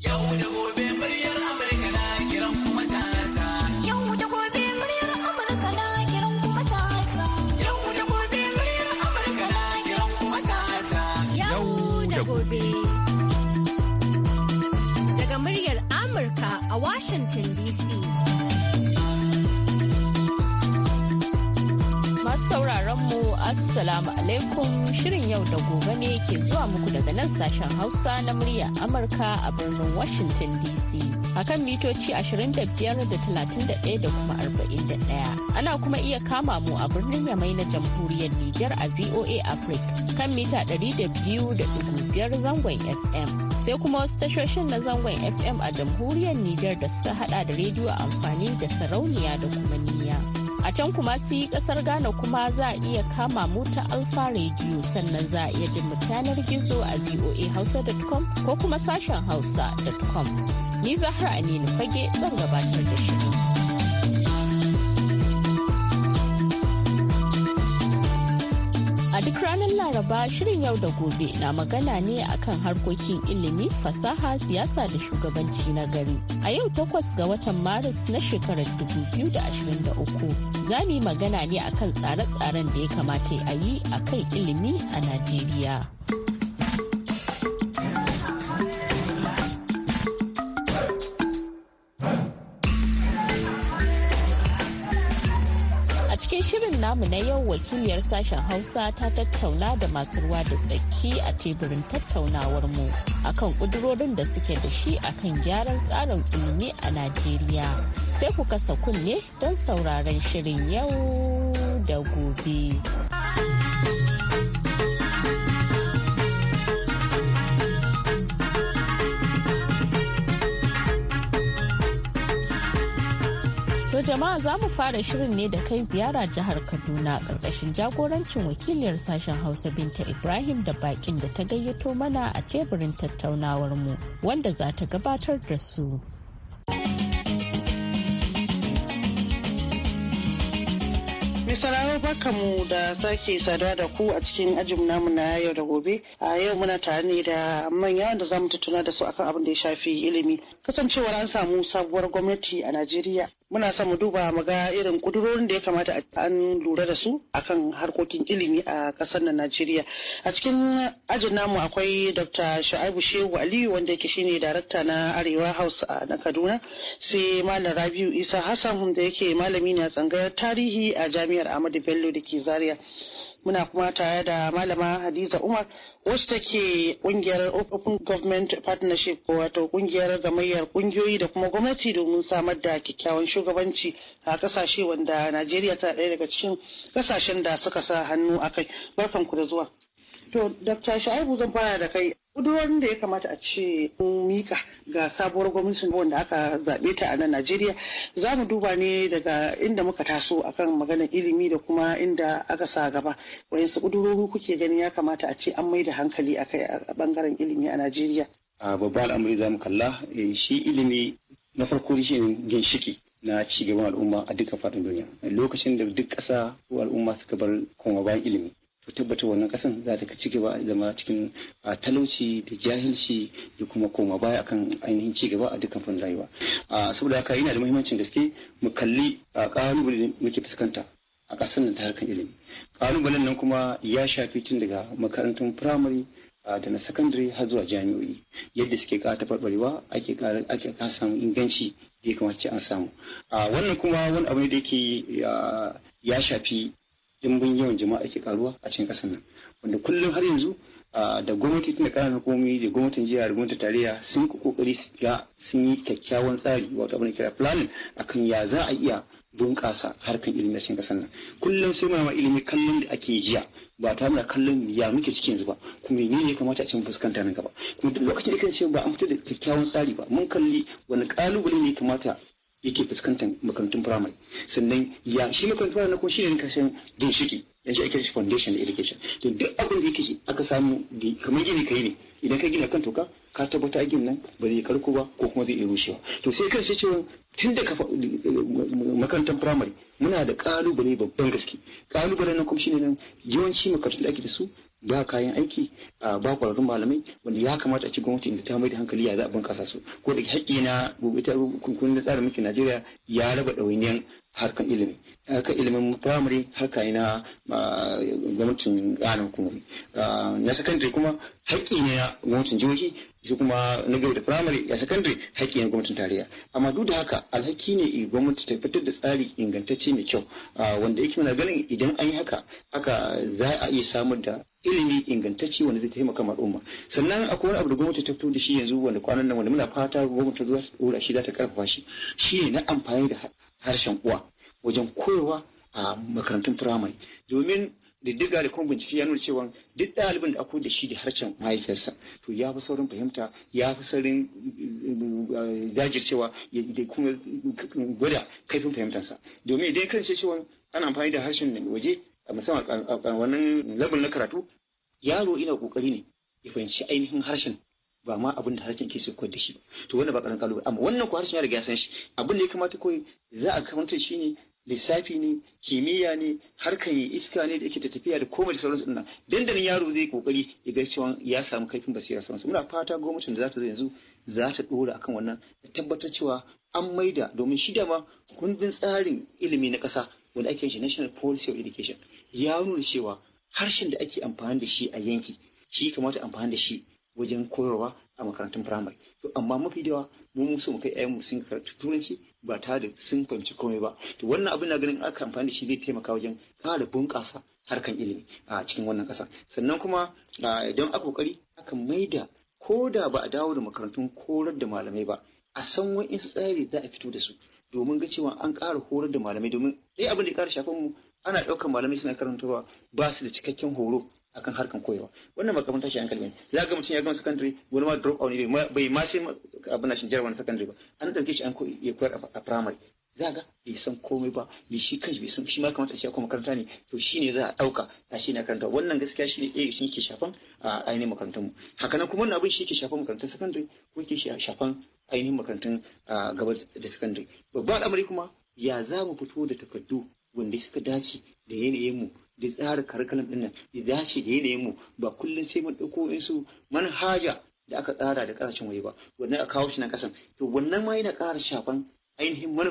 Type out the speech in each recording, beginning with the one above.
Yo, yo. alaikum shirin yau da gobe ne ke zuwa muku daga nan sashen Hausa na murya Amurka a birnin Washington DC. Akan mitoci 25 da 31 da kuma 41. Ana kuma iya kama mu a birnin Yamai na jamhuriyar Nijar a VOA Africa kan mita 200.5 zangon FM. Sai kuma wasu tashoshin na zangon FM a jamhuriyar Nijar da suka hada da rediyo amfani da sarauniya da kuma ni. A can kuma yi kasar Ghana kuma za a iya kama mu ta Alfa Radio sannan za a iya jin mutanen gizo a voahausa.com ko kuma sashen hausa.com. Ni Zahra Aminu Fage zan gabatar da shirin. ranar Laraba shirin yau da gobe na magana ne akan harkokin ilimi, fasaha, siyasa da shugabanci na gari. A yau takwas ga watan Maris na shekarar 2023 za mu yi magana ne akan tsare-tsaren da ya kamata a yi akan ilimi a Najeriya. namu na yau wakiliyar sashen Hausa ta tattauna da masu ruwa da tsaki a teburin tattaunawar mu akan kudurorin da suke da shi akan gyaran tsarin ilimi a Najeriya. Sai ku kasa kunne don sauraron shirin yau da gobe. jama'a za mu fara shirin ne da kai ziyara jihar Kaduna ƙarƙashin jagorancin wakiliyar sashen Hausa Binta Ibrahim da bakin da ta gayyato mana a teburin tattaunawar mu wanda za ta gabatar da su. Misalawa baka mu da sake saduwa da ku a cikin ajin namu na yau da gobe. A yau muna tare ne da manya da zamu tattauna da su akan abin da ya shafi ilimi. Kasancewar an samu sabuwar gwamnati a Najeriya muna son mu duba mu ga irin kudurorin da ya kamata an lura da su akan harkokin ilimi a kasar nan Najeriya. A cikin ajin namu akwai Dr. Sha'ibu Shehu Aliyu wanda yake shine darakta na Arewa House a na Kaduna, sai Malam Rabiu Isa Hassan da yake malami ne a tsangayar tarihi a Jami'ar Ahmadu Bello da ke Zaria. muna kuma tare da malama hadiza umar wacce take kungiyar open government partnership wato kungiyar gamayyar kungiyoyi da kuma gwamnati domin samar da kyakkyawan shugabanci a kasashe wanda najeriya tana ɗaya daga cikin kasashen da suka sa hannu a kai barkanku da zuwa to dr sha'ibu zan fara da kai kudurorin da ya kamata a ce mika ga sabuwar gwamnatin wanda aka zaɓe ta a nan Najeriya za mu duba ne daga inda muka taso akan maganar ilimi da kuma inda aka sa gaba wayansu kudurori kuke ganin ya kamata a ce an mai da hankali a kai a ɓangaren ilimi a Najeriya. babban al'amari za mu kalla eh, shi ilimi na farko shi ginshiki na cigaban al'umma a duka faɗin duniya lokacin da duk ƙasa ko al'umma suka bar koma bayan ilimi ku tabbatar wannan kasan za ta ci gaba zama cikin talauci da jahilci da kuma koma baya akan ainihin ci gaba a dukkan fannin rayuwa saboda haka yana da muhimmancin gaske mu kalli kalubale da muke fuskanta a ƙasar nan ta harkar ilimi kalubalen nan kuma ya shafi tun daga makarantun firamare da na sakandare har zuwa jami'o'i yadda suke ƙara taɓarɓarewa ake ƙara samun inganci da ya kamace an samu wannan kuma wani abu ne da yake ya shafi dimbin yawan jama'a ke karuwa a cikin ƙasar nan wanda kullum har yanzu da gwamnati tun da ƙananan hukumomi da gwamnatin jiha da gwamnatin tarayya sun yi kokari su ga sun yi kyakkyawan tsari wato abin da kira planning akan ya za a iya bunƙasa harkar ilimi a cikin ƙasar nan kullum sai muna ma ilimi kallon da ake jiya ba ta muna kallon ya muke cikin yanzu ba kuma ne ne kamata a cikin fuskanta nan gaba kuma duk lokacin da kan ce ba an fito da kyakkyawan tsari ba mun kalli wani kalubale ne kamata yake fuskantar makarantun firamare sannan ya shi makarantun firamare kuma shi ne kashin ginshiki ya shi ake shi foundation education to duk abin da yake aka samu kamar gini kai ne idan ka gina kan toka ka tabbata a gini nan ba zai karko ba ko kuma zai iya rushewa to sai kan shi cewa tun da makarantar firamare muna da ƙalubale babban gaske ƙalubale na kuma shi ne nan yawanci makarantun da ake da su ba kayan aiki ba kwararrun malamai wanda ya kamata a ci gwamnati da ta mai da hankali ya za a bunkasa su ko da haƙƙi na ita kunkunin da tsarin mulkin Najeriya ya raba ɗawainiyan harkan ilimi harkan ilimin firamare harka na gwamnatin ƙanan hukumomi na sakandare kuma haƙƙi ne na gwamnatin jihohi shi kuma na gaba da firamare ya sakandare haƙƙi ne gwamnatin tarayya amma duk da haka alhaki ne gwamnati ta fitar da tsari ingantacce mai kyau wanda yake muna ganin idan an yi haka haka za a iya samar da ilimi ingantacce wanda zai taimaka ma al'umma sannan akwai wani abu da gwamnati ta fito da shi yanzu wanda kwanan nan wanda muna fata gwamnati za ta dora shi za ta karfafa shi shi ne na amfani da harshen uwa wajen koyarwa a makarantun firamare domin diddiga da kuma bincike ya nuna cewa duk ɗalibin da akwai da shi da harshen mahaifiyarsa to ya fi saurin fahimta ya fi saurin eh, jajircewa da kuma gwada kaifin fahimtarsa domin idan kan cewa ana amfani da harshen waje musamman a wannan labin na karatu yaro ina kokari ne ya fahimci ainihin harshen ba ma abin da harshen ke so kwa da shi to wannan ba karan kalubale amma wannan ko harshen ya riga san shi abin da ya kamata koyi za a kamata shi ne lissafi ne kimiyya ne harkan iska ne da yake tafiya da komai da sauransu dinnan dandanin yaro zai kokari ya ga cewa ya samu kaifin basira sauransu muna fata gwamnatin da za ta zo yanzu za ta dora akan wannan ta tabbatar cewa an maida domin shi ma kundin tsarin ilimi na ƙasa wanda ake shi national policy of education ya nuna cewa harshen da ake amfani da shi a yanki shi kamata amfani da shi wajen koyarwa a makarantun firamare to amma mafi dawa mu mun so mu kai sun karatu turanci ba ta da sun fahimci komai ba to wannan abin na ganin aka amfani da shi zai taimaka wajen kara bunƙasa harkan ilimi a cikin wannan ƙasa sannan kuma idan aka kokari aka maida ko da ba a dawo da makarantun korar da malamai ba a san wa'insu tsari za a fito da su domin ga cewa an ƙara horar da malamai domin ɗaya abin da ya ƙara shafan mu ana ɗaukar malamai suna karantarwa ba su da cikakken horo akan harkan koyarwa wannan ba kamar tashi an kalmi za ga mutum ya gama secondary wani ma drop out ne bai ma shi abin na shi jarabar secondary ba an ɗauke shi an ya koyar a primary za ga bai san komai ba bai shi kanshi bai san shi ma kamata tashi ya koma makaranta ne to shi ne za a ɗauka a shi na karanta wannan gaskiya shi ne ɗaya shi ke shafan a ainihin makarantar mu haka nan kuma wannan abin shi ke shafan makarantar secondary ko ke shafan ainihin makarantun gabas da secondary babban al'amari kuma ya za mu fito da takardu wanda suka dace da yanayin mu da tsara karkalan din nan ya dace da yanayin mu ba kullum sai mun ɗauko su manhaja da aka tsara da ƙasashen waje ba wannan a kawo shi na ƙasan to wannan ma yana ƙara shafan ainihin mu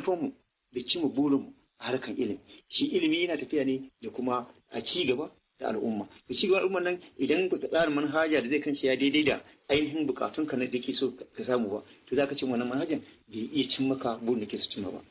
da cimma mu a harkan ilimi shi ilimi yana tafiya ne da kuma a ci gaba da al'umma Da ci gaba al'umma nan idan ka tsara manhaja da zai kanci ya daidai da ainihin bukatun ka na da ke so ka samu ba to za ka ce wannan manhajan bai iya cimma ka burin da ke so cimma ba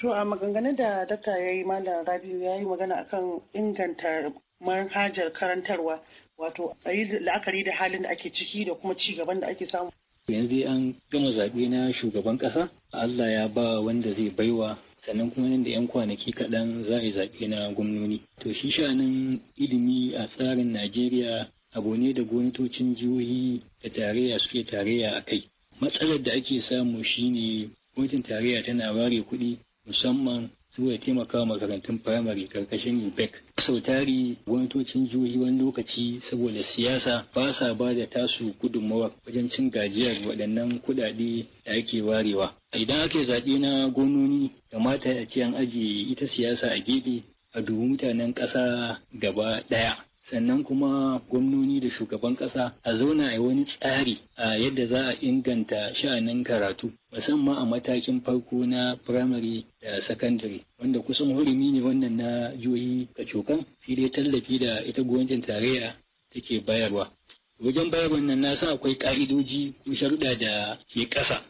To a maganganun da dakta ya yi malam Rabiu ya yi magana akan inganta manhajar karantarwa wato a yi la'akari da halin da ake ciki da kuma ci gaban da ake samu. Yanzu an gama zaɓe na shugaban ƙasa Allah ya ba wanda zai baiwa sannan kuma nan da 'yan kwanaki kaɗan za a yi zaɓe na gwamnoni. To shi sha'anin ilimi a tsarin Najeriya abu ne da gwamnatocin jihohi da tarayya suke tarayya a kai. Matsalar da ake samu shine gwamnatin tarayya tana ware kuɗi musamman su ya taimaka makarantun firamare karkashin UPEC. Sau tari gwamnatocin jihohi wani lokaci saboda siyasa ba sa ba da tasu gudunmawa wajen cin gajiyar waɗannan kuɗaɗe da ake warewa. Idan ake zaɓe na gononi mata a ce an ajiye ita siyasa a gefe a dubu mutanen ƙasa gaba ɗaya. sannan kuma gwamnoni da shugaban ƙasa a zauna a wani tsari a yadda za a inganta sha'anin karatu musamman a matakin farko na firamare da sakandare wanda kusan hurumi ne wannan na jihohi kacokan sai dai tallafi da ita gwamnatin tarayya take bayarwa wajen bayar wannan na sa akwai ka'idoji ko sharuɗa da ke ƙasa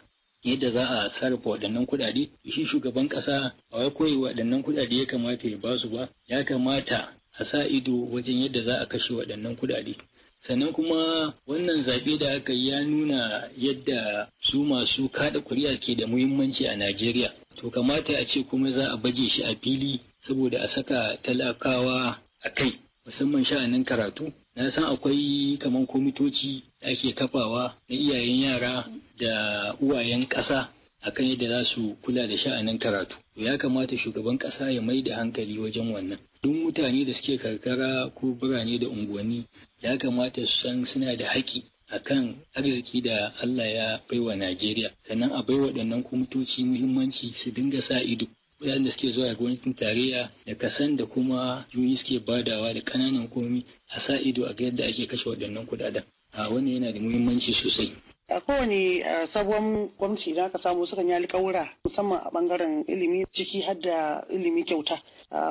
yadda za a sarrafa waɗannan kuɗaɗe shi shugaban ƙasa a wai koyi waɗannan kuɗaɗe ya kamata ya basu ba ya kamata a sa ido wajen yadda za a kashe waɗannan kuɗaɗe. sannan kuma wannan zaɓe da aka ya nuna yadda su masu kaɗa ƙuri'a ke da muhimmanci a najeriya to kamata a ce kuma za a baje shi a fili saboda a saka talakawa a kai musamman sha'anin karatu na san akwai kamar komitoci da ake kafawa na iyayen yara da uwayen ƙasa akan yadda za su kula da sha'anin karatu ya kamata shugaban ƙasa ya mai da hankali wajen wannan duk mutane da suke karkara ko birane da unguwanni ya kamata su san suna da haƙƙi kan arziki da Allah ya baiwa Najeriya sannan a baiwa waɗannan kwamitoci muhimmanci su dinga sa ido waɗanda suke zuwa gwamnatin tarayya da kasan da kuma juyi suke badawa da ƙananan komi a sa ido a ga yadda ake kashe waɗannan kuɗaɗen a wannan yana da muhimmanci sosai a kowane sabon gwamnati idan aka samu sukan yi alkawura musamman a bangaren ilimi ciki har da ilimi kyauta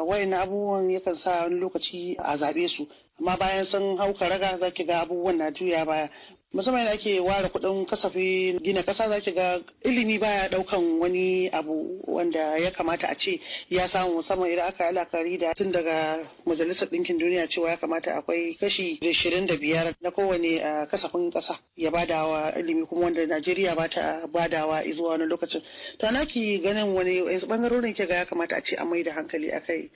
wayan abubuwan yakan sa wani lokaci a zaɓe su amma bayan sun hau raga za ki ga abubuwan na juya baya musamman da ake ware kuɗin kasafin gina kasa za ga ilimi baya ɗaukan wani abu wanda ya kamata a ce ya samu musamman idan aka al'akari da tun daga majalisar ɗinkin duniya cewa ya kamata akwai kashi ashirin da biyar na kowane kasafin kasa ya badawa ilimi kuma wanda Najeriya ba ta badawa zuwa wani lokacin. To na ki ganin wani bangarorin ke ga ya kamata a ce a mai da hankali akai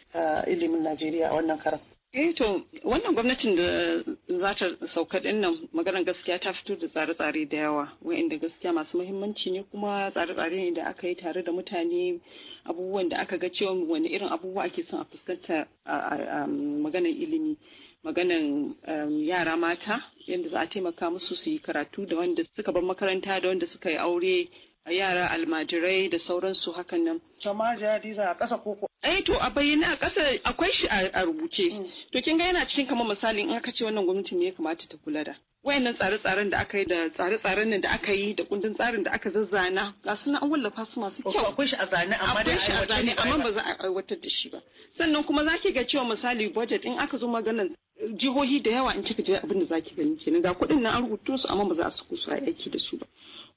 ilimin Najeriya a wannan karan. Eh to wannan gwamnatin da za ta sauka din nan maganar gaskiya ta fito da tsare-tsare da yawa wa'inda gaskiya masu muhimmanci ne kuma tsare-tsare ne da aka yi tare da mutane abubuwan da aka ga cewa wani irin abubuwa ake son a fuskanta um, maganar ilimi maganan um, yara mata yadda za a taimaka musu su yi karatu da wanda suka bar makaranta da wanda suka yi aure yara almajirai da sauransu hakan nan. Kama hadiza a ƙasa koko. Eh to a bayyana a ƙasa akwai shi a rubuce. Mm. To kin ga yana cikin kamar misali in aka ce wannan gwamnati me ya kamata ta kula da. Wayannan tsare-tsaren da aka yi da tsare-tsaren nan da aka yi da kundin tsarin da aka zazzana ga suna an wallafa su masu kyau. Akwai shi a zane amma da shi a zane amma ba za a aiwatar da shi ba. Sannan kuma zaki ga cewa misali budget in aka zo maganar eh, jihohi da yawa in kika je abin da zaki gani kenan ga kuɗin nan an rubuto su amma ba za a su aiki da su ba.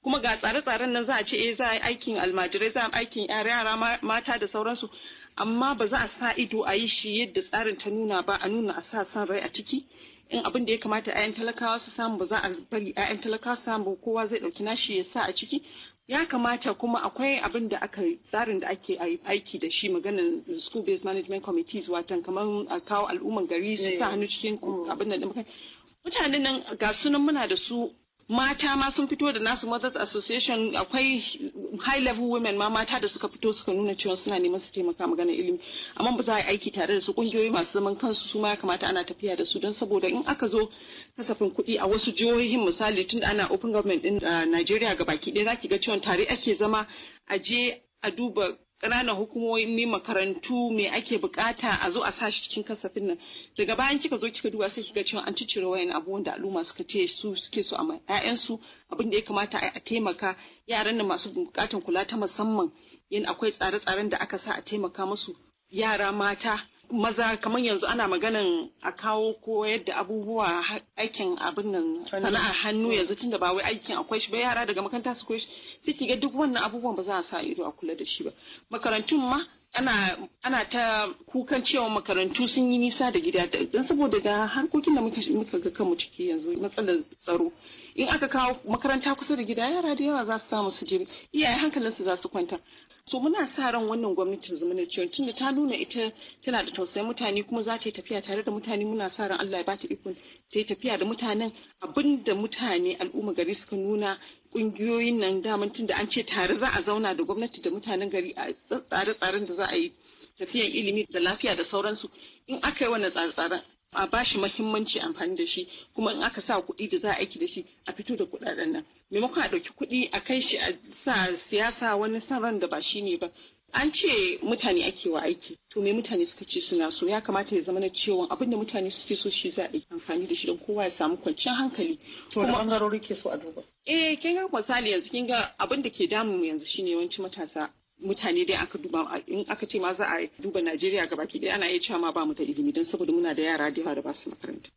kuma ga tsare-tsaren nan za a ce eh, za a yi aikin almajirai za a yi aikin yara mata da sauransu amma ba za a sa ido a yi shi yadda tsarin ta nuna ba a nuna a sa san rai a ciki in abin da ya kamata 'ya'yan talakawa su samu ba za a bari 'ya'yan talakawa su samu kowa zai ɗauki nashi ya sa a ciki ya kamata kuma akwai abin da aka tsarin da ake aiki da shi maganar school based management committees watan kamar a kawo al'umman gari su sa eh. hannu cikin mm. abin da mutanen nan ga sunan muna da su mata ma sun fito da nasu mothers association akwai high level women ma mata da suka fito suka nuna cewa suna neman su taimaka magana ilimi amma ba za a yi aiki tare da su kungiyoyi masu zaman kansu su ma ya kamata ana tafiya da su don saboda in aka zo kasafin kuɗi a wasu jihohin misali tun ana open government din uh, nigeria ga baki ɗaya zaki ga cewa tare ake zama a je a duba ƙananan hukumomi makarantu me ake bukata a zo a sa shi cikin kasafin nan daga bayan kika zo kika duba sai kika cewa an ciccire wayan abubuwan da al'umma suka ce su suke so a su abin da ya kamata a taimaka yaran nan masu bukatan kula ta musamman yin akwai tsare-tsaren da aka sa a taimaka musu yara mata maza kamar yanzu ana maganan a kawo ko yadda abubuwa aikin abin nan sana'a hannu yanzu tun da ba wai aikin akwai shi ba yara daga makaranta su koyi sai ki duk wannan abubuwan ba za a sa ido a kula da shi ba makarantun ma ana ta kukan cewa makarantu sun yi nisa da gida don saboda da harkokin da muka ga kanmu ciki yanzu matsalar tsaro in aka kawo makaranta kusa da gida yara da yawa za su samu su je iyaye hankalinsu za su kwanta so muna sa ran wannan gwamnatin zamana cewa tunda ta nuna ita tana da tausayin mutane kuma za ta yi tafiya tare da mutane muna sa ran Allah ya bata ikon ta yi tafiya da mutanen abin da mutane al'umma gari suka nuna kungiyoyin nan daman tunda an ce tare za a zauna da gwamnati da mutanen gari a tsare-tsaren da za a yi tafiyan ilimi da lafiya da sauransu in aka yi wannan tsare-tsaren a ba shi mahimmanci amfani da shi kuma in aka sa kuɗi da za a aiki da shi a fito da kuɗaɗen nan maimakon a ɗauki kuɗi a kai shi a sa siyasa wani san ran da ba shi ne ba an ce mutane ake wa aiki to me mutane suka ce suna so ya kamata ya zama na cewa abin da mutane suke so shi za a yi amfani da shi don kowa ya samu kwanciyar hankali to da bangarori ke so a duba eh kin ga misali yanzu kin ga abin da ke damu yanzu shine yawanci matasa mutane dai aka duba in aka ce ma za a duba Najeriya ga baki ɗaya ana iya cewa ma ba mu da ilimi don saboda muna da yara da yawa da ba su makaranta.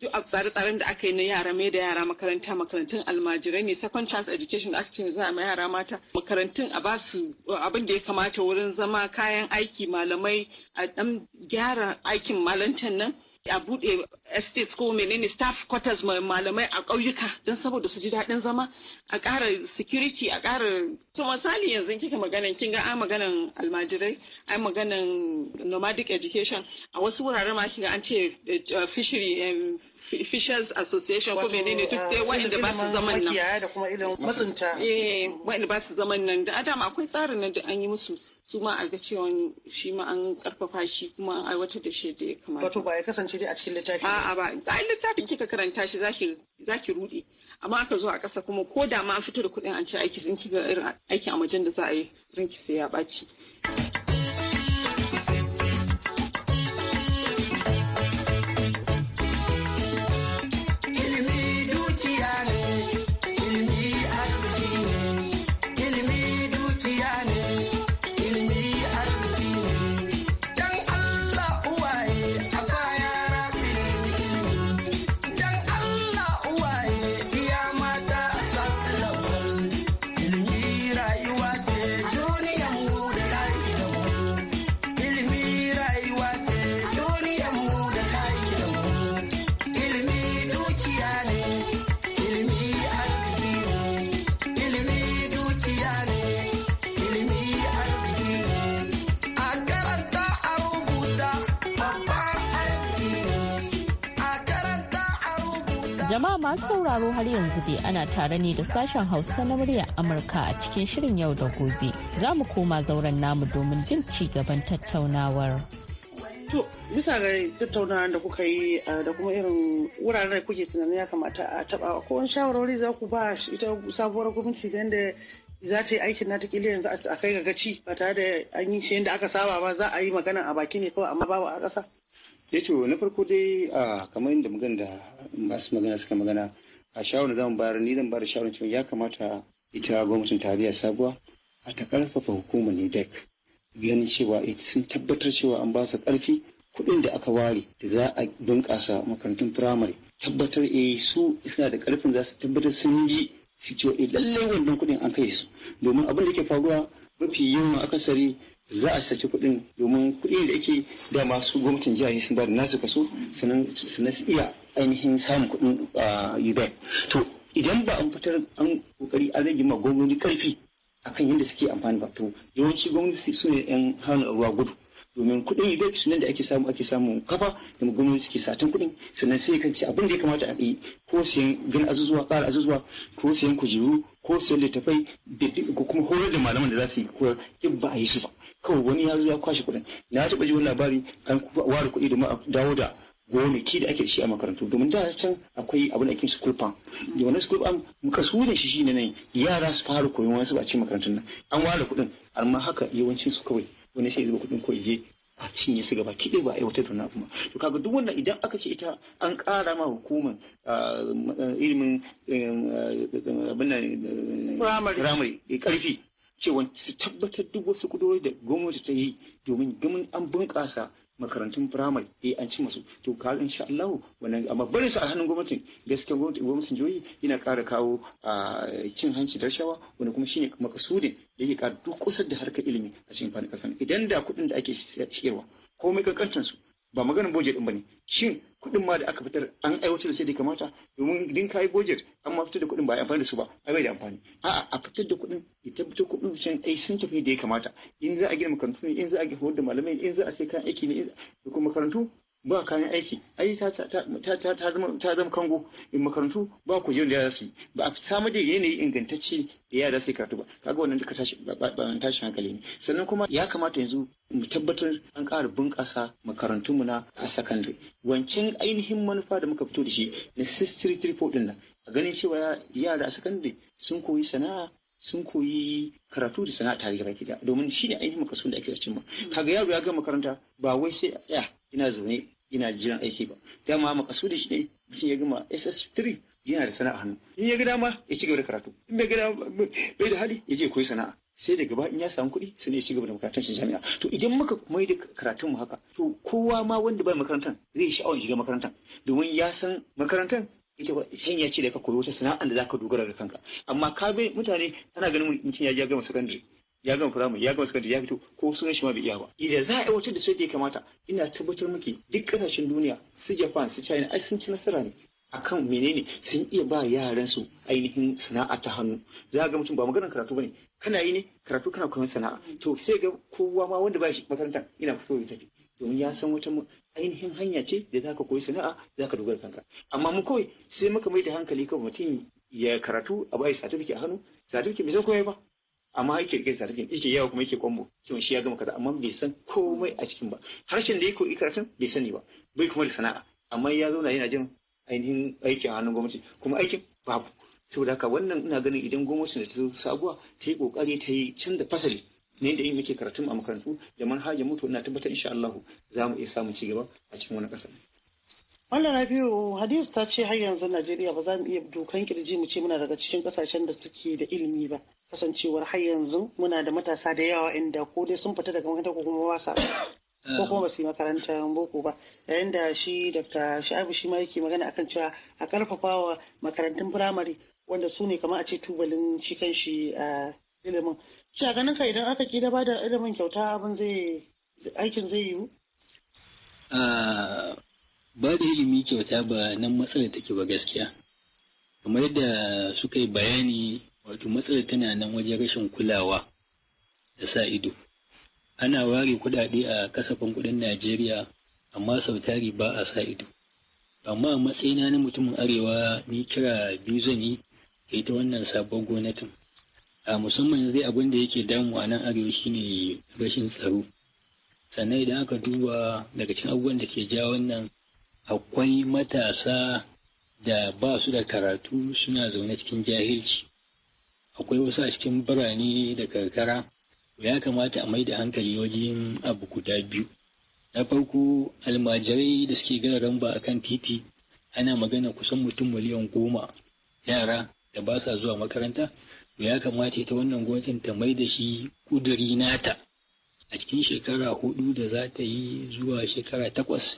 Duk a tsare-tsaren da aka yi na yara mai da yara makaranta makarantun almajirai ne second chance education act ce za a ma yara mata makarantun a ba su abin da ya kamata wurin zama kayan aiki malamai a ɗan gyara aikin malantan nan. a bude estate ko menene staff quarters malamai a ƙauyuka don saboda su ji daɗin zama a ƙara security a ƙara to misali yanzu kika magana kin ga ai maganan almajirai ai maganan nomadic education a wasu wurare ma kiga an ce eh, eh, fishery eh, Fishers Association ko menene duk dai waɗanda ba su zaman nan. da kuma matsinta. Eh, waɗanda ba su zaman nan. Da Adam akwai tsarin nan da an yi musu. su ma a ga cewa shi ma an karfafa shi kuma an aiwatar da shi da ya kamata. Wato ba ya kasance dai a cikin littafi. A'a ba, a littafin kika karanta shi zaki zaki rude. Amma aka zo a ƙasa kuma ko da ma an fito da kuɗin an ci aiki sun kiga irin aiki a majan da za a yi rinki sai ya ɓaci. sauraro har yanzu dai ana tare ne da sashen Hausa na murya Amurka a cikin shirin yau da gobe. Za mu koma zauren namu domin jin ci gaban tattaunawar. To, bisa ga tattaunawar da kuka yi ah, da kuma irin wuraren da kuke tunanin ya kamata a taba ko wani shawarwari za ku ba ita sabuwar gwamnati da yadda za ta yi aikin na kila yanzu a kai ga gaci ba tare da an yi shi yadda aka saba ba za a yi magana a baki ne kawai amma babu a ƙasa. ce eh na farko dai a kamar yadda magana da masu magana suka magana a shawarar zan bayar ni zan bayar shawarar cewa ya kamata ita gwamnatin tarayya sabuwa a ta karfafa hukumar NIDEC e ganin cewa sun tabbatar cewa an ba su karfi kuɗin da aka ware da za a bunƙasa makarantun firamare tabbatar eh su suna da karfin za su tabbatar sun yi su ce eh, lallai wannan kuɗin an kai su domin abin da ke faruwa mafi yawan akasari za a saki kuɗin domin kuɗi da ake da masu gwamnatin jihar sun ba da nasu kaso sannan su iya ainihin samun kuɗin a ubec to idan ba an fitar an kokari an rage ma gwamnati karfi akan yadda suke amfani ba to yawanci gwamnati su ne yan hannun ruwa gudu domin kuɗin ubec sunan da ake samu ake samu kafa da gwamnati suke satan kuɗin sannan sai kan ce abin da ya kamata a yi ko siyan gina azuzuwa ƙara azuzuwa ko siyan kujeru ko siyan littafai ko kuma horar da malaman da za su yi ko ba a yi su ba kawai wani ya zo ya kwashe kuɗin na taɓa ji wani labari an ware kuɗi domin a dawo da gonaki da ake da shi a makarantu domin da can akwai abin da ake school farm da wani school farm muka su da shi shine nan yara su fara koyon wasu a cikin makarantun nan an ware kuɗin amma haka yawancin su kawai wani sai zuba kuɗin ko je a cinye su gaba kiɗe ba aiwatar da wani kuma to kaga duk wannan idan aka ce ita an ƙara ma hukumar ah, ah, ilimin eh, eh, abin nan eh, primary ƙarfi cewa su tabbatar duk wasu kudurori da gwamnati ta yi domin gamin an bunƙasa makarantun firamare E an ci masu to ka in sha Allah wannan amma bari su a hannun gwamnatin gaskiya gwamnatin jihohi yana ƙara kawo a ah, cin hanci da rashawa wanda kuma shine makasudin da yake ƙara duk kusa da harkar ilimi a cikin fadin ƙasar idan da kuɗin da ake shirwa komai kankancin su ba maganin budget din bane shin kuɗin ma da aka fitar an aiwatar da sai da kamata domin din kai boje an ma fitar da kuɗin ba a amfani da su ba a bai da amfani a'a a fitar da kuɗin ya tabbatar kuɗin sun ai sun tafi da ya kamata in za a gina makarantu ne in za a horar da malamai in za a sai kayan aiki ne da kuma makarantu ba kayan aiki ai ta zama kango in makarantu ba ku yin da yara su ba a samu da yanayi ingantacce da yara su karatu ba kaga wannan duka tashin hankali ne sannan kuma ya kamata yanzu mu tabbatar an ƙara bunƙasa makarantunmu na a sakandare wancan ainihin manufa da muka fito da shi na 6334 ɗin nan a ganin cewa yara a sakandare sun koyi sana'a sun koyi karatu da sana'a tare da baki domin shi ne ainihin makasun da ake cimma kaga yaro ya ga makaranta ba wai sai a tsaya ina zaune ina jiran aiki ba dama da shi ne mutum ya gama ss3 yana da sana'a hannu in ya ga dama ya ci gaba da karatu in bai ga bai da hali ya je koyi sana'a sai da gaba in ya samu kuɗi sai ya ci gaba da makarantar shi jami'a to idan muka mai da karatun mu haka to kowa ma wanda bai makarantar zai sha'awar shiga makarantar domin ya san makarantar ita ya ce da ka koyi wata sana'a da zaka dogara da kanka amma ka bai mutane ana ganin mutum ya je gama sakandare ya gama firamare ya gama sakandare ya fito ko sunan shi ma bai iya ba idan za a aiwatar da su yadda ya kamata ina tabbatar miki duk kasashen duniya su japan su china ai sun ci nasara ne akan menene sun iya ba yaran su ainihin sana'a ta hannu za ga mutum ba maganar karatu bane kana yi ne karatu kana koyon sana'a to sai ga kowa ma wanda ba shi makaranta ina so ya tafi domin ya san wata ainihin hanya ce da za ka koyi sana'a za ka dogara kanka amma mu kawai sai muka mai da hankali kawai mutum ya karatu a bayi satifiki a hannu satifiki bai san koyai ba amma yake gaisa harafin yake yawa kuma yake kwambo cewa shi ya gama kaza amma bai san komai a cikin ba harshen da ya koyi karatun bai sani ba bai kuma da sana'a amma ya zauna yana jin ainihin aikin hannun gwamnati kuma aikin babu saboda haka wannan ina ganin idan gwamnati da ta zo sabuwa ta yi kokari ta yi canza fasali ne da yin muke karatun a makarantu da manhajar mutu ina tabbatar insha Allah za mu iya samun ci gaba a cikin wani ƙasa. Wannan biyo Hadisu ta ce har yanzu Najeriya ba za mu iya dokan kirji mu ce muna daga cikin kasashen da suke da ilimi ba. kasancewar har yanzu muna da matasa da yawa inda ko dai sun fita daga makaranta ko kuma ba sa ko kuma ba su yi makarantar boko ba yayin da shi dr sha'abu shi ma yake magana akan cewa a karfafa wa makarantun firamare wanda su ne kamar a ce tubalin shi kan shi a eh, ilimin shi a ganin ka idan aka kida ba da ilimin kyauta abin zai aikin zai yiwu ah, ba da ilimi kyauta ba nan matsalar take ba gaskiya kamar yadda suka yi bayani wato matsalar tana nan wajen rashin kulawa da sa ido ana ware kuɗaɗe a kasafin kuɗin najeriya amma sau tari ba a sa ido amma a matsayina na mutumin arewa ni kira biyu zan yi ta wannan sabon gwamnatin a musamman yanzu abin da yake damu a nan arewa shine rashin tsaro sannan idan aka duba daga cikin abubuwan da ke ja wannan akwai matasa da ba su da karatu suna zaune cikin jahilci akwai wasu a cikin birane da karkara ya kamata a mai da hankali wajen abu guda biyu na farko almajirai da suke gara ramba a kan titi ana magana kusan mutum miliyan goma yara da ba sa zuwa makaranta ya kamata ta wannan gwamnatin ta mai da shi kuduri nata a cikin shekara hudu da za ta yi zuwa shekara takwas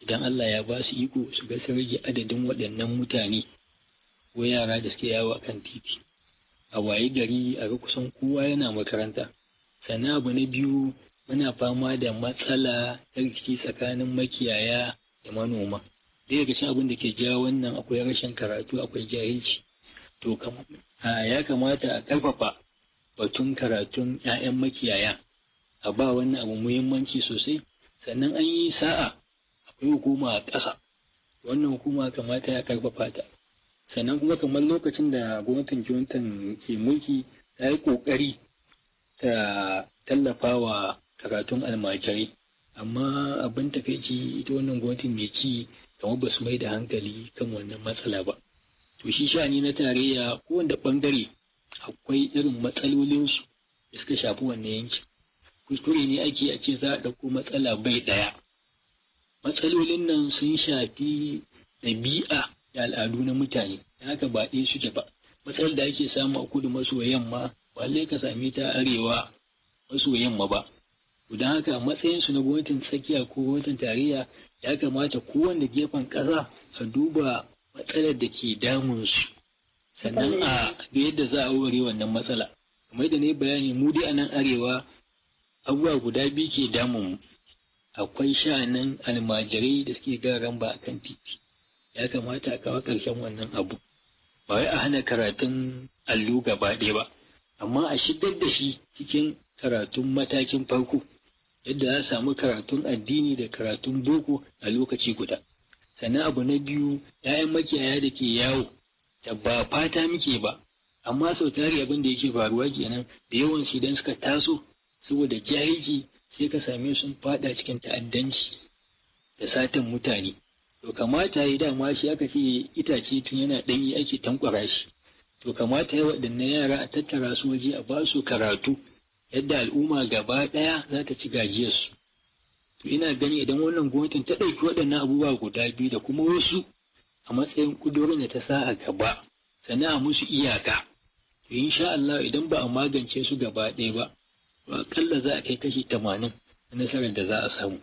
idan Allah ya ba su iko su ga rage adadin waɗannan mutane ko yara da suke yawo a kan titi a waye gari a ga kusan kowa yana makaranta sannan abu na biyu muna fama da matsala ta rikici tsakanin makiyaya da manoma Daya daga abin da ke jawo wannan akwai rashin karatu akwai jahilci to ya kamata a ƙarfafa batun karatun 'ya'yan makiyaya a ba wannan abu muhimmanci sosai sannan an yi sa'a akwai hukuma a ƙasa wannan hukuma kamata ya karfafa ta sannan kuma kamar lokacin da gwamnatin jonathan ke mulki ta yi ƙoƙari ta tallafa wa karatun almajirai amma abin takaici ita wannan gwamnati mai ci kamar ba su mai da hankali kan wannan matsala ba to shi sha ne na tarayya kowanne ɓangare akwai irin matsalolinsu da suka shafi wannan yanki kuskure ne ake a ce za a ɗauko matsala bai ɗaya matsalolin nan sun shafi ɗabi'a da al'adu na mutane haka ba ɗaya suke ba matsalar da ake samu a kudu maso yamma ba lai ka same ta arewa maso yamma ba don haka matsayinsu na gwamnatin tsakiya ko gwamnatin tarayya ya kamata kowanne gefen ƙasa a duba matsalar da ke su sannan a ga yadda za a ware wannan matsala kamar da na bayani mu dai a nan arewa abubuwa guda biyu ke damun akwai sha'anin almajirai da suke gara ramba a kan titi ya kamata a kawo ƙarshen wannan abu ba wai a hana karatun allo gaba ɗaya ba amma a shigar da shi cikin karatun matakin farko yadda za samu karatun addini da karatun boko a lokaci guda sannan abu na biyu 'ya'yan makiyaya da ke yawo da ba fata muke ba amma sau tari abin da yake faruwa kenan da yawan su idan suka taso saboda jahilci sai ka same sun fada cikin ta'addanci da satan mutane to kamata yi dama shi aka ce itace tun yana ɗanyi ake tankwara shi to kamata ya waɗannan yara a tattara su waje a ba su karatu yadda al'umma gaba ɗaya za ta ci gajiyarsu to ina gani idan wannan gwamnatin ta ɗauki waɗannan abubuwa guda biyu da kuma wasu a matsayin ƙudurin da ta sa a gaba sannan a musu iyaka to insha Allah idan ba a magance su gaba ɗaya ba to akalla za a kai kashi tamanin a nasarar da za a samu.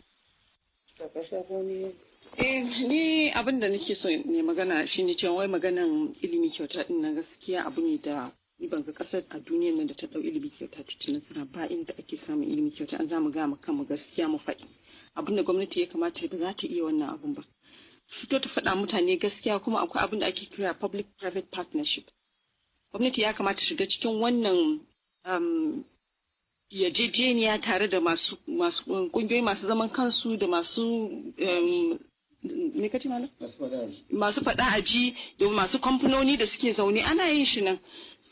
Eh, ni abin da nake so ne magana shine cewa wai maganan ilimi kyauta din na gaskiya abu ne da ban ga kasar a duniyar nan da ta dau ilimi kyauta ta cin nasara ba inda ake samun ilimi kyauta an zamu ga mu gaskiya mu faɗi abin da gwamnati ya kamata ba za ta iya wannan abun ba fito ta faɗa mutane gaskiya kuma akwai abin da ake kira public private partnership gwamnati ya kamata shiga cikin wannan um, yarjejeniya tare da masu kungiyoyi masu zaman kansu da masu um, me kace masu faɗa a da masu kamfanoni da suke zaune ana yin shi nan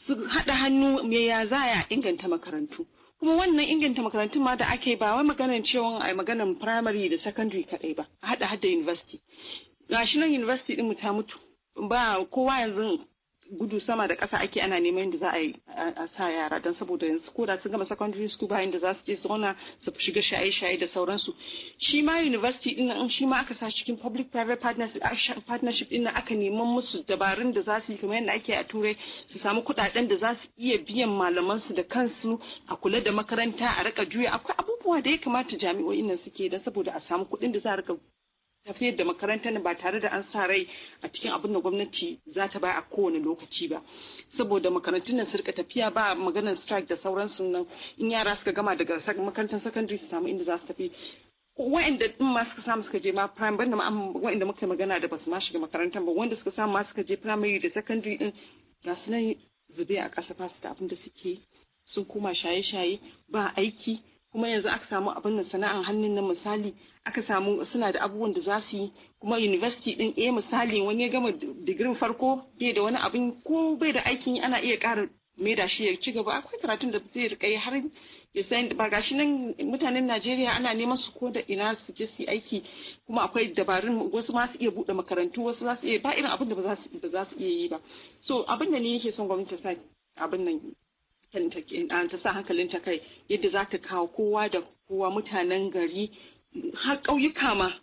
su haɗa hannu me ya za a inganta makarantu kuma wannan inganta makarantun ma da ake ba wai maganar cewa a maganar primary da secondary kaɗai ba a haɗa hada university gashi nan university din mu ta mutu ba kowa yanzu gudu sama da ƙasa ake ana neman yadda za a a sa yara don saboda yanzu ko da sun gama secondary school bayan da za su je zauna su shiga shaye-shaye da sauransu shi ma university din shi ma aka sa cikin public private partnership din aka neman musu dabarun da za su yi kamar yadda ake a turai su samu kuɗaɗen da za su iya biyan malaman su da kansu a kula da makaranta a rika juya akwai abubuwa da ya kamata jami'o'in nan suke don saboda a samu kuɗin da za a rika tafiyar da makarantar ba tare da an sa rai a cikin abin da gwamnati za ta ba a kowane lokaci ba saboda makarantun nan su tafiya ba maganar strike da sauransu nan in yara suka gama daga makarantar secondary su samu inda za su tafi wa'anda din ma suka samu suka je ma prime banda wa'anda muka yi magana da basu ma shiga makarantar ba wanda suka samu ma suka je primary da secondary din ga su nan zube a ƙasa fasu da abin da suke sun koma shaye-shaye ba aiki kuma yanzu aka samu abin da sana'an hannun na misali aka samu suna da abubuwan da za su yi kuma university din A eh, misali wani ya gama digirin farko bai da wani abin ko bai da aikin yi ana iya ƙara da shi ya ci gaba akwai karatun da zai rika yi har ya san ba gashi nan mutanen Najeriya ana neman su ko da ina su je su aiki kuma akwai dabarun wasu ma su iya bude makarantu wasu za su iya ba irin abin da ba za su iya yi ba so abin da ne yake son gwamnati ta abin nan ta sa hankalin ta kai yadda za ka kawo kowa da kowa mutanen gari har ƙauyuka ma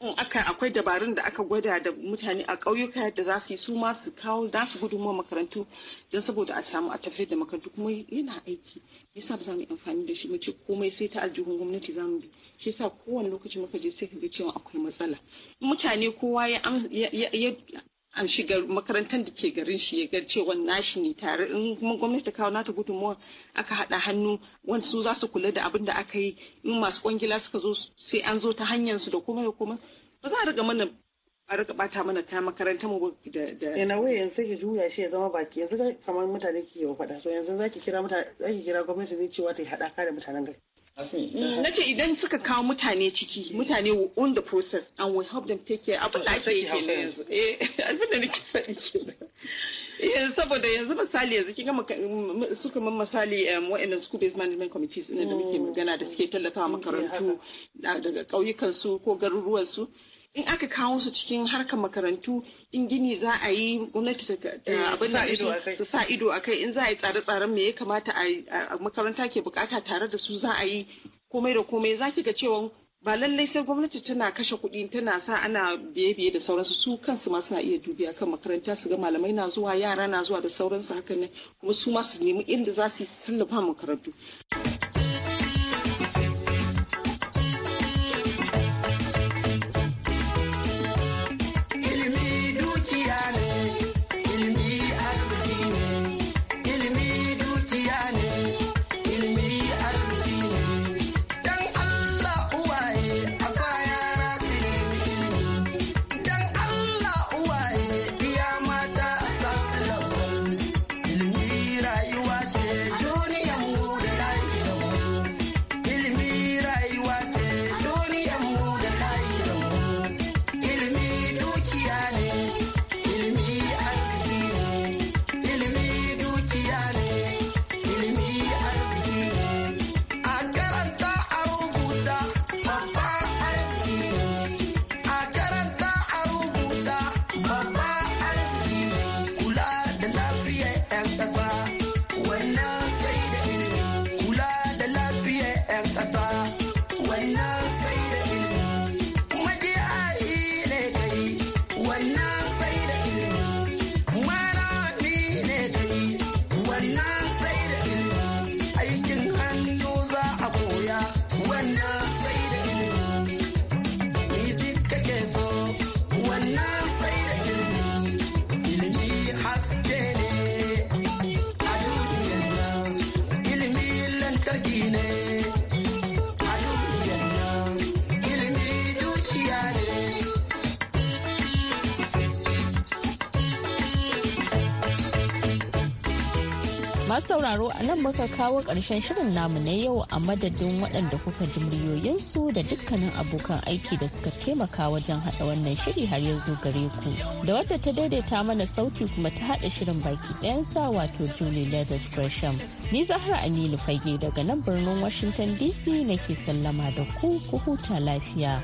in aka akwai dabarun da aka gwada da mutane a ƙauyuka yadda za su yi su ma kawo da su gudunmuwa makarantu don saboda a samu a tafiyar da makarantu kuma yana aiki yasa ba za mu amfani da shi mu ce komai sai ta aljihun gwamnati za mu bi shi yasa kowane lokaci muka je sai ka ga cewa akwai matsala mutane kowa ya an shiga makarantar da ke garin shi ya ga cewa nashi ne tare in kuma gwamnati ta kawo nata gudunmuwa aka haɗa hannu wasu za su kula da abin da aka yi in masu kwangila suka zo sai an zo ta hanyar su da kuma da kuma ba za a riga mana a riga bata mana ta makaranta mu da da ina wai yanzu ki juya shi ya zama baki yanzu kamar mutane ke yawa faɗa so yanzu zaki kira mutane zaki kira gwamnati ne cewa ta yi ka da mutanen gari Mm, na ce idan suka kawo mutane ciki mutane on the process and we help them take care abin da ake yi yanzu eh abin da nake faɗi kenan eh, saboda yanzu misali yanzu kin ga mm, mm, suka man misali wa'annan school based management committees ɗin da muke magana da suke tallafa makarantu daga ƙauyukan su ko garuruwan su in aka kawo su cikin harkar makarantu in gini za a yi gwamnati ta eh, abin da su sa ido a kai in za a yi tsare-tsaren me ya kamata a makaranta ke bukata tare da su za a yi komai da komai za ki ga cewa ba lallai sai gwamnati tana kashe kuɗi tana sa ana biye-biye da sauransu su kansu ma suna iya dubiya kan makaranta su ga malamai na zuwa yara na zuwa da sauransu hakan ne kuma su ma su nemi inda za su yi tallafa makarantu. lantarki ne. Masu sauraro a nan muka kawo ƙarshen shirin namu na yau a madadin waɗanda kuka ji muryoyinsu da dukkanin abokan aiki da suka taimaka wajen haɗa wannan shiri har ya zo gare ku. Da wadda ta daidaita mana sauti kuma ta haɗa shirin baki ɗayan sa wato juni Leathers Gresham. Ni Zahra Aminu Fage daga nan birnin Washington DC nake sallama da ku ku huta lafiya.